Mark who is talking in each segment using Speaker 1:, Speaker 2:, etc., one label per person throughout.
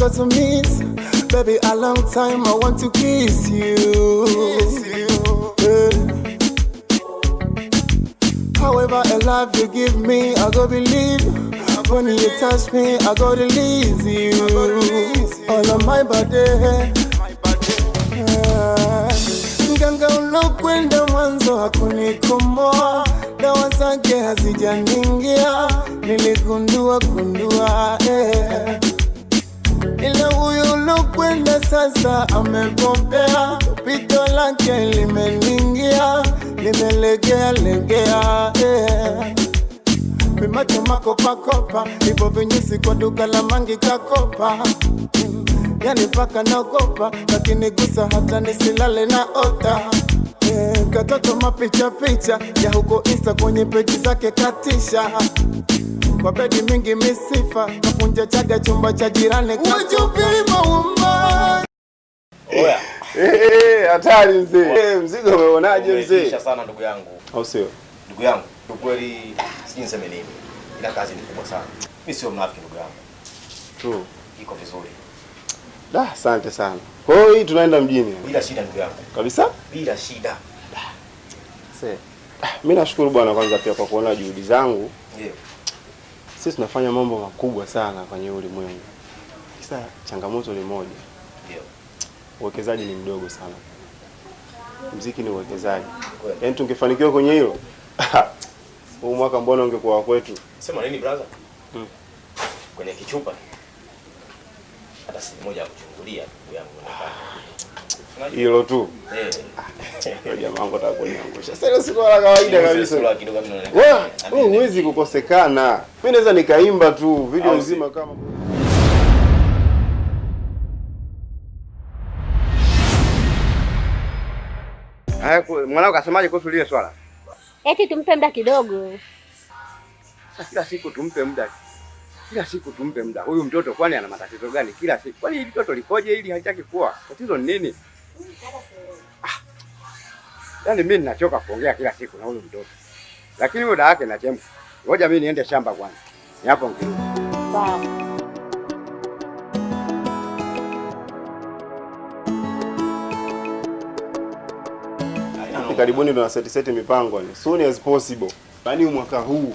Speaker 1: got to meet. Baby, a long time I want to kiss you. Kiss you. Yeah. However, a love you give me, I go believe. When you touch me, I go release you. All on my body. Mganga ah, mwanzo hakunikomoa, dawa zake hazijaningia, niligundua gundua eh ila huyu lokwenda sasa amegombea, pito lake limeningia, limelegea legea, yeah. Pimacho makopakopa ivo vinyusi kwa duka la mangi kakopa Yani paka naogopa, lakini gusa hata nisilale na ota yeah. Katoto mapichapicha ya huko Insta kwenye peji zake katisha kwa bedi mingi misifa kapunja chaga chumba cha jirani maumba eh, eh, hatari mzee, eh, mzigo umeonaje mzee? sana ndugu yangu, au sio? Ndugu yangu, ukweli sijui niseme nini, ila kazi ni kubwa sana. Mimi sio mnafiki ndugu yangu, true iko vizuri
Speaker 2: da. Asante sana. Kwa hiyo hii tunaenda mjini
Speaker 1: bila shida ndugu yangu, kabisa bila shida.
Speaker 2: da. Mimi nashukuru bwana kwanza pia kwa kuona juhudi zangu yeah. Sisi tunafanya mambo makubwa sana kwenye ulimwengu, Sasa changamoto ni moja, uwekezaji ni mdogo sana. Mziki ni uwekezaji, yaani tungefanikiwa kwenye hilo huu mwaka mbona ungekuwa wa kwetu.
Speaker 1: Sema nini brother? Hmm. Kwenye kichupa hata siku moja ya kuchungulia yangu hilo tu eh.
Speaker 2: jamaa wangu atakuniangusha. Sasa kawaida kabisa, wewe huwezi kukosekana. Mimi naweza nikaimba tu video nzima kama Haya, mwanao kasemaje kuhusu lile swala?
Speaker 3: Eti tumpe muda kidogo.
Speaker 2: Kila siku tumpe muda, kila siku tumpe muda. Huyu mtoto kwani ana matatizo gani? Kila siku kwani hili mtoto likoje? ili haitaki kuwa tatizo ni nini? yani ah. Yaani mimi ninachoka kuongea kila siku na huyu mtoto. Lakini muda wake nachemka. Ngoja mimi niende shamba kwanza. Ni hapo ngirudi. Sawa. Karibuni tuna seti seti mipango ni soon as possible. Yaani mwaka huu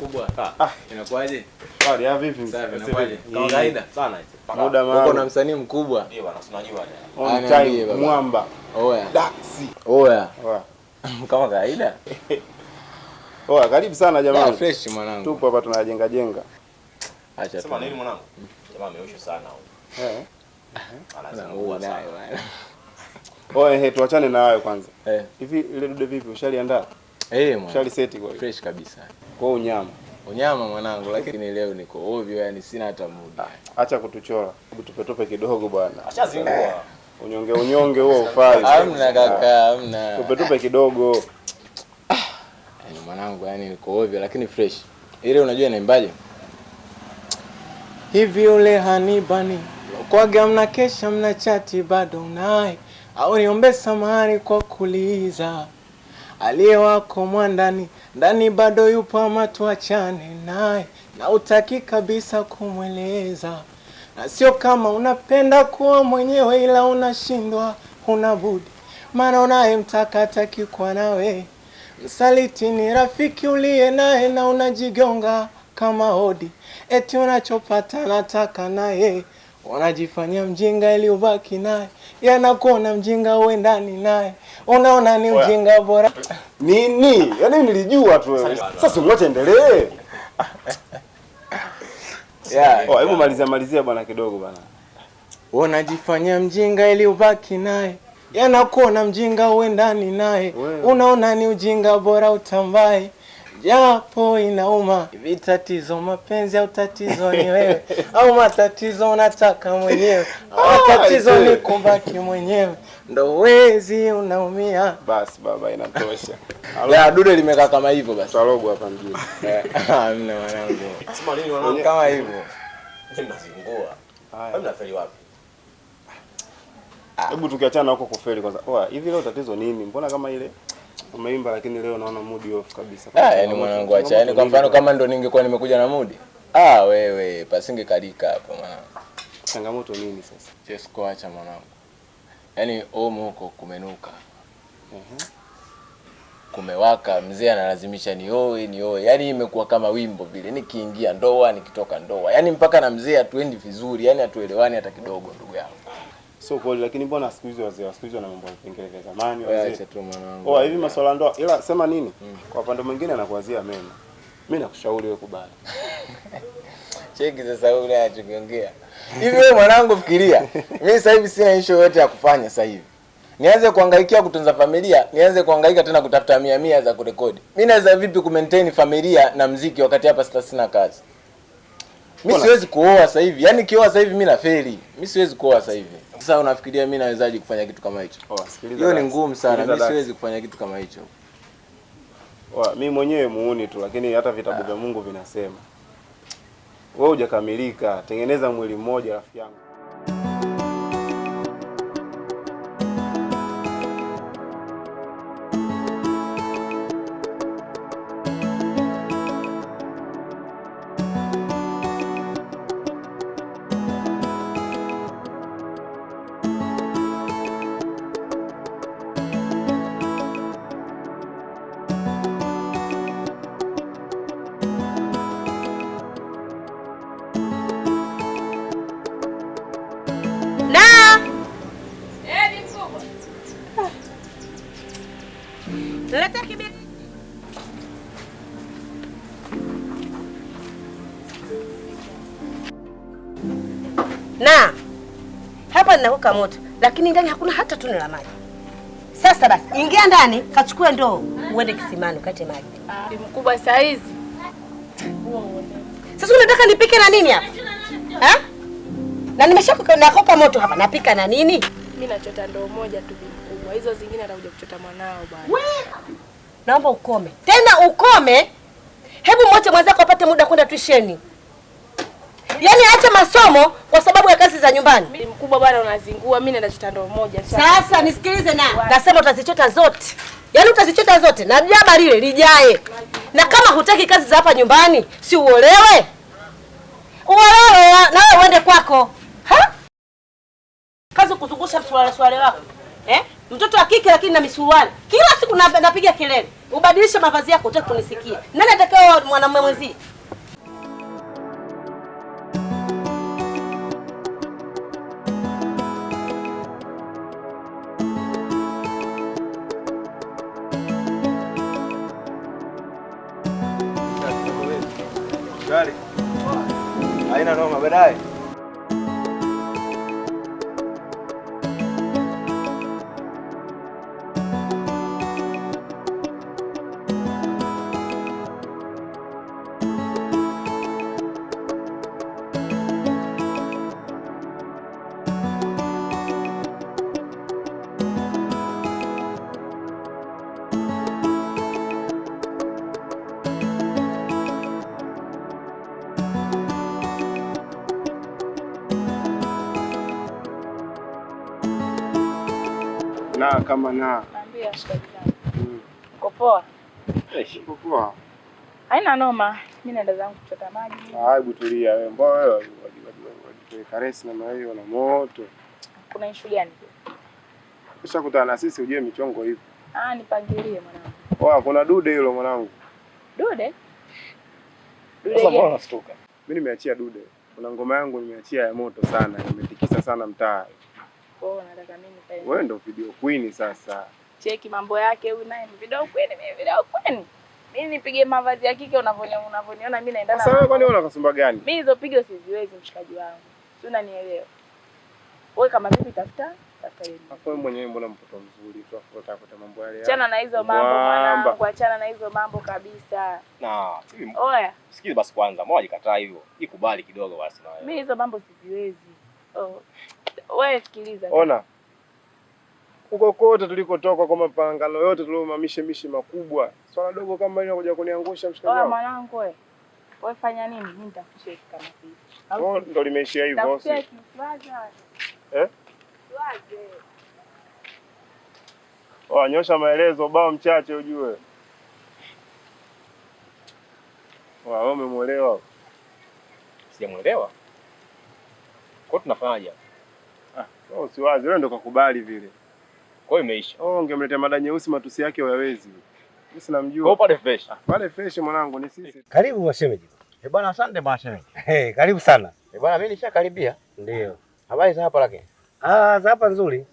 Speaker 4: makubwa. Ah, inakuaje? Bali ya vipi? Safi, inakuaje? Kama kawaida.
Speaker 1: Sana hicho.
Speaker 4: Muda maalum. Uko na msanii mkubwa.
Speaker 1: Ndio bwana, tunajua.
Speaker 2: On time mwamba. Oya. Daxi. Oya. Oya.
Speaker 4: Kama kawaida.
Speaker 2: Oya, karibu sana jamani.
Speaker 4: Fresh mwanangu.
Speaker 2: Tupo hapa tunajenga jenga.
Speaker 1: Acha. Sema nini mwanangu? Jamaa ameosha sana huyo. Eh. Anaua naye bwana.
Speaker 2: Oya, tuachane na hayo kwanza. Eh. Hivi ile dude vipi? Ushaliandaa? Eh, mwana. Shali seti kwa hiyo. Fresh kabisa. Kwa unyama.
Speaker 4: Unyama mwanangu, lakini leo niko ovyo yani sina hata muda.
Speaker 2: Ah, acha kutuchora. Tupetope kidogo bwana.
Speaker 1: Acha zingua. Eh.
Speaker 2: Unyonge unyonge huo ufai.
Speaker 4: Hamna kaka, ah, hamna.
Speaker 2: Tupetope kidogo.
Speaker 4: Yaani mwanangu, yani niko ovyo lakini fresh. Ile unajua naimbaje? Hivi yule hanibani kwaga mna kesha mna chati bado naye au niombe samahani kwa kuliza aliyewakomwa ndani ndani bado yupo, ama tuachane naye, na utaki kabisa kumweleza, na sio kama unapenda kuwa mwenyewe, ila unashindwa, huna budi, maana unaye mtaka kwa nawe msaliti ni rafiki uliye naye, na unajigonga kama hodi, eti unachopata nataka naye Unajifanyia mjinga ili ubaki naye, yanakuona mjinga ndani naye, unaona ni mjinga bora
Speaker 2: nini? Yaani nilijua tu. Sasa mwache endelee. Yeah. Oh, hebu malizia malizia bwana kidogo bwana.
Speaker 4: Unajifanyia mjinga ili ubaki naye, yanakuona mjinga uwe ndani naye, unaona ni ujinga bora utambaye japo inauma hivi tatizo mapenzi au tatizo ni wewe au matatizo unataka mwenyewe au ah, tatizo ni kumbaki mwenyewe ndo wezi unaumia.
Speaker 2: Basi baba, inatosha la dude limekaa kama hivyo basi, talogo hapa mjini
Speaker 4: eh, amna
Speaker 2: mwanangu,
Speaker 4: kama hivyo
Speaker 1: mnazingua haya, mnafeli wapi?
Speaker 2: Hebu tukiachana huko kufeli kwanza, hivi leo tatizo nini? Mbona kama ile umeimba lakini leo naona mood off kabisa.
Speaker 4: Ah, yani mwanangu, acha yani, kwa mfano kama ndo ningekuwa nimekuja na mood, ah, wewe pasinge kalika hapo mwanangu.
Speaker 2: Changamoto nini sasa?
Speaker 4: Just Yes, acha mwanangu, Yani omo huko kumenuka, Mhm. Kumewaka, mzee analazimisha ni oe ni oe. yaani imekuwa kama wimbo vile, nikiingia ndoa nikitoka ndoa, yaani mpaka na mzee atuendi vizuri, yaani atuelewani hata kidogo, ndugu yangu
Speaker 2: so kweli, lakini bwana, siku hizi wazee siku hizi na mambo ya vipengele vya zamani wazee.
Speaker 4: Acha tu mwanangu.
Speaker 2: Oh, hivi masuala ndoa, ila sema nini? Mm. Kwa upande mwingine anakuwazia mema. Mimi nakushauri wewe kubali.
Speaker 4: Cheki sasa yule anachokiongea. Hivi wewe mwanangu, fikiria. Mimi sasa hivi sina issue yote ya kufanya sasa hivi. Nianze kuhangaikia kutunza familia, nianze kuhangaika tena kutafuta mia mia za kurekodi. Mimi naweza vipi kumaintain familia na mziki wakati hapa sasa sina kazi? Yaani mimi siwezi kuoa sasa hivi. Yaani kioa sasa hivi mimi na feli. Mimi siwezi kuoa sasa hivi. Sasa unafikiria mimi nawezaje kufanya kitu kama hicho? Hiyo ni ngumu sana, mimi siwezi kufanya kitu kama hicho.
Speaker 2: Mimi mwenyewe muuni tu, lakini hata vitabu vya Mungu vinasema wewe hujakamilika, tengeneza mwili mmoja rafiki yangu.
Speaker 5: naweka moto, lakini ndani hakuna hata tone la maji. Sasa basi, ingia ndani, kachukue ndoo uende kisimani ukate maji.
Speaker 6: Mkubwa saizi
Speaker 5: sasa unataka nipike na nini hapa ha? na nimeshaka nakoka moto hapa, napika na nini?
Speaker 6: Mimi nachota ndoo moja tu mkubwa, hizo zingine atakuja kuchota mwanao bwana.
Speaker 5: Naomba ukome tena, ukome. Hebu mwache mwenzako apate muda kwenda tuisheni. Yaani acha masomo kwa sababu ya kazi za nyumbani.
Speaker 6: Mimi mkubwa bwana, unazingua. Mimi naenda chitando moja.
Speaker 5: Sasa nisikilize na nasema utazichota zote, yaani utazichota zote na jaba lile lijae. Na kama hutaki kazi za hapa nyumbani, si uolewe, uolewe na wewe uende kwako ha? Kazi kuzungusha msuala swale wako eh? Mtoto wa kike lakini na misuruali kila siku napiga kelele, ubadilishe mavazi yako, utaki kunisikia. Nani atakao mwanamume mwenzie?
Speaker 4: Shwari. Haina noma, baadaye.
Speaker 2: kama na
Speaker 6: eh, poa, haina noma. Mimi naenda zangu kuchota maji.
Speaker 2: Ah, hebu tulia wewe, mbona wewe wadi wadi namna karesi na na moto? Kuna issue gani? Ushakutana na sisi ujue michongo hivi.
Speaker 6: Ah, nipangilie mwanangu.
Speaker 2: Oa, oh, kuna dude hilo mwanangu. Dude? Dude. Sasa mbona unastuka? Mimi nimeachia dude. Kuna ngoma yangu nimeachia ya moto sana, imetikisa sana mtaa
Speaker 6: kwa nataka mimi nikae.
Speaker 2: Wewe ndio video queen sasa.
Speaker 6: Cheki mambo yake huyu naye video queen, mimi video queen. Mimi nipige mavazi ya kike unavyoniona unavyoniona mimi naenda na.
Speaker 2: Sasa wewe kwani una kasumba gani?
Speaker 6: Mimi hizo pigo siziwezi mshikaji wangu. Si unanielewa? Wewe kama mimi tafuta tafuta yeye.
Speaker 2: Hapo wewe mwenyewe mbona mpoto mzuri tu afu utakuta mambo yale.
Speaker 6: Achana na hizo mambo mwanangu, achana na hizo mambo kabisa. Na, oya.
Speaker 2: Sikiza basi kwanza, mbona jikataa hivyo? Jikubali kidogo basi na wewe.
Speaker 6: Mimi hizo mambo siziwezi. Oh wewe sikiliza.
Speaker 2: Ona. Huko kote tulikotoka kwa mapangano yote tuliomamishe mishi makubwa. Swala dogo kama hilo kuja kuniangusha
Speaker 6: mshikaji. Wewe mwanangu wewe. Wewe fanya nini? Mimi nitakushia kitu kama hivi.
Speaker 2: Oh, ndo limeishia hivyo. Tafutia kitu Eh? Waje. Oh, nyosha maelezo bao mchache ujue. Wewe umemuelewa?
Speaker 1: Sijamuelewa. Kwa tunafanyaje?
Speaker 2: Oh, si wazi wewe ndo kakubali vile. Kwa hiyo imeisha. Oh, ungemletea mada nyeusi matusi yake hayawezi. Mimi si namjua.
Speaker 1: Kwa pale fresh. Ah,
Speaker 2: pale fresh mwanangu ni sisi.
Speaker 4: Karibu washemeji.
Speaker 2: Eh, bwana asante bwana washemeji.
Speaker 4: Eh, hey, karibu sana.
Speaker 1: Eh, bwana mimi nishakaribia. Ndio. Habari za hapa lakini?
Speaker 4: Ah, za hapa nzuri.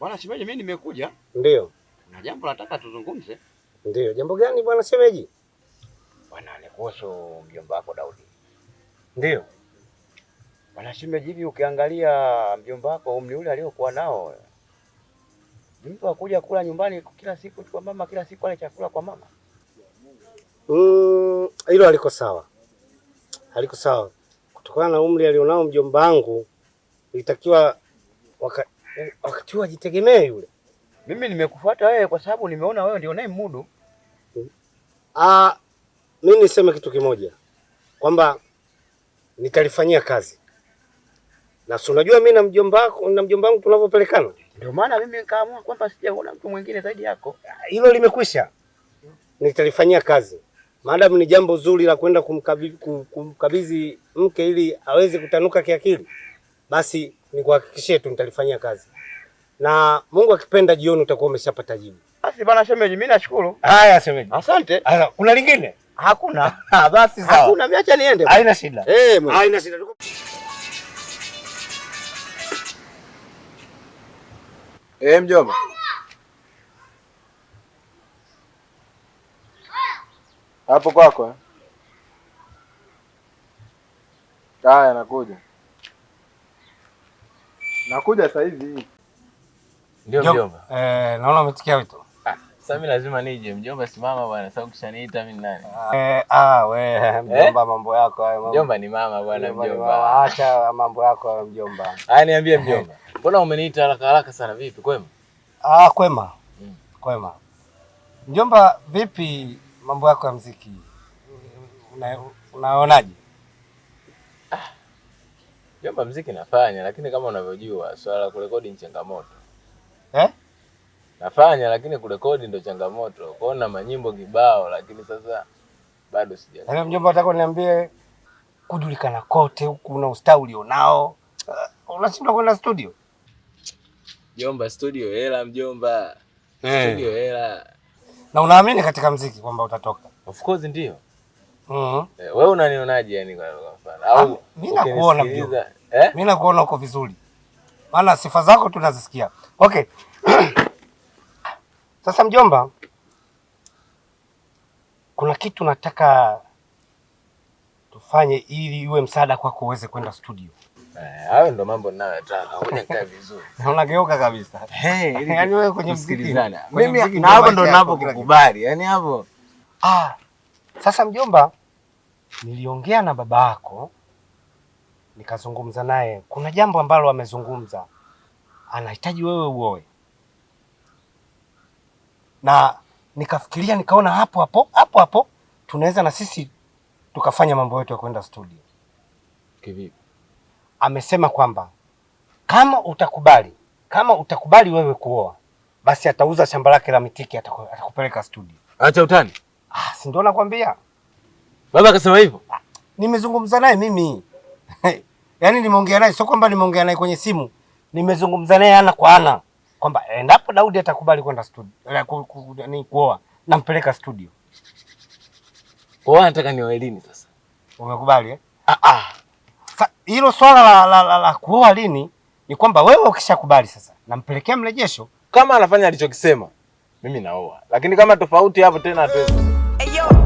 Speaker 1: Bwana shemeji mimi nimekuja. Ndio. Na jambo nataka tuzungumze.
Speaker 4: Ndio. Jambo gani bwana shemeji?
Speaker 1: Bwana ni kuhusu mjomba wako Daudi. Ndio. Bwana shemeji, hivi ukiangalia mjomba wako umri ule aliokuwa nao, ni mtu akuja kula nyumbani kila siku kwa mama, kila siku ale chakula kwa mama?
Speaker 4: Mm, hilo mm, haliko sawa, aliko sawa kutokana na umri alionao mjomba wangu, ilitakiwa wakati waka huo ajitegemee yule.
Speaker 2: Mimi nimekufuata wewe kwa sababu nimeona wewe ndio naye mudu. Mm.
Speaker 4: Ah, mimi niseme kitu kimoja kwamba nitalifanyia kazi na si unajua mimi na mjomba wako na mjomba wangu tunavyopelekana.
Speaker 2: Ndio maana mimi nikaamua kwamba sijaona mtu mwingine zaidi yako.
Speaker 4: Hilo limekwisha. Nitalifanyia kazi. Maadamu ni jambo zuri la kwenda kumkabidhi mke ili aweze kutanuka kiakili, basi nikuhakikishie tu nitalifanyia kazi, na Mungu akipenda jioni utakuwa umeshapata jibu.
Speaker 2: Basi bana shemeji, mimi nashukuru.
Speaker 4: Haya shemeji, asante. Haya, kuna lingine?
Speaker 2: Hakuna. Basi sawa.
Speaker 4: Hakuna, miacha niende.
Speaker 2: Haina shida. Eh, haina shida. Eh, mjomba. Hapo kwako eh? Haya, nakuja nakuja sasa hivi. Ndio mjomba. Eh, naona umetikia wito. Ah,
Speaker 4: sasa mimi lazima nije mjomba, simama bwana, sababu kishaniita mimi nani?
Speaker 2: Eh, ah we mjomba, eh? mambo yako hayo.
Speaker 4: Mjomba ni mama bwana mjomba.
Speaker 2: Acha mambo yako hayo mjomba.
Speaker 4: Haya, niambie mjomba. Mbona umeniita haraka haraka sana, vipi kwema?
Speaker 2: Ah, kwema mm. Kwema mjomba, vipi mambo yako ya mziki unaonaje? Una
Speaker 4: ah, mjomba, mziki nafanya, lakini kama unavyojua swala la kurekodi ni changamoto eh? Nafanya lakini kurekodi ndo changamoto, kuona manyimbo kibao, lakini sasa bado sija.
Speaker 2: Na yaani mjomba, nataka niambie kujulikana kote huku na ustawi ulionao, uh, unashindwa kwenda studio
Speaker 4: Mjomba, studio hela, mjomba. Hey. Eh. Studio hela.
Speaker 2: Na unaamini katika mziki kwamba utatoka?
Speaker 4: Of course ndio. Mhm. Eh, wewe unanionaje yani kwa mfano? Au
Speaker 2: mimi ah, nakuona mjomba. Eh? Mimi nakuona uko vizuri. Maana sifa zako tunazisikia. Okay. Sasa mjomba, kuna kitu nataka tufanye ili iwe msaada kwako uweze kwenda studio.
Speaker 4: Eh, hayo ndo mambo ninayotaka. Unakaa vizuri.
Speaker 2: Unageuka kabisa. Eh, yaani wewe kwenye msikiti. Mimi na hapo ndo ninapokukubali. Yaani hapo. Ah. Sasa mjomba, niliongea na baba yako nikazungumza naye. Kuna jambo ambalo amezungumza. Anahitaji wewe uoe. Na nikafikiria nikaona hapo hapo hapo hapo tunaweza na sisi tukafanya mambo yote ya kwenda studio. Kivipi? amesema kwamba kama utakubali kama utakubali wewe kuoa basi atauza shamba lake la mitiki, atakupeleka studio. Acha utani. Ah, si ndio nakwambia
Speaker 4: baba akasema hivyo. Ah,
Speaker 2: nimezungumza naye mimi yaani nimeongea naye, sio kwamba nimeongea naye kwenye simu, nimezungumza naye ana kwa ana kwamba endapo Daudi atakubali kwenda studio eh, ku, ku, ni kuoa nampeleka studio.
Speaker 4: Nataka niwaelini sasa.
Speaker 2: Umekubali eh? Ah, ah hilo swala la, la, la, la kuoa lini ni kwamba wewe ukishakubali sasa, nampelekea mrejesho
Speaker 4: kama anafanya alichokisema, mimi naoa, lakini kama tofauti hapo tena you.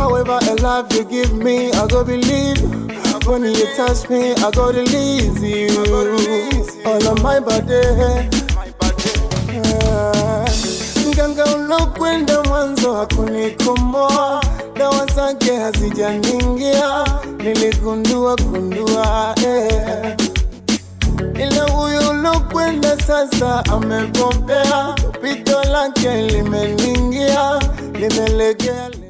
Speaker 4: However, a love you give me, I go believe. When you touch me, I go release you. All on my body. Mganga ulokwenda mwanzo hakunikomoa, dawa zake hazijaningia, niligundua gundua, gundua eh ila huyu lokwenda sasa amegombea, pito lake limeningia limelegea.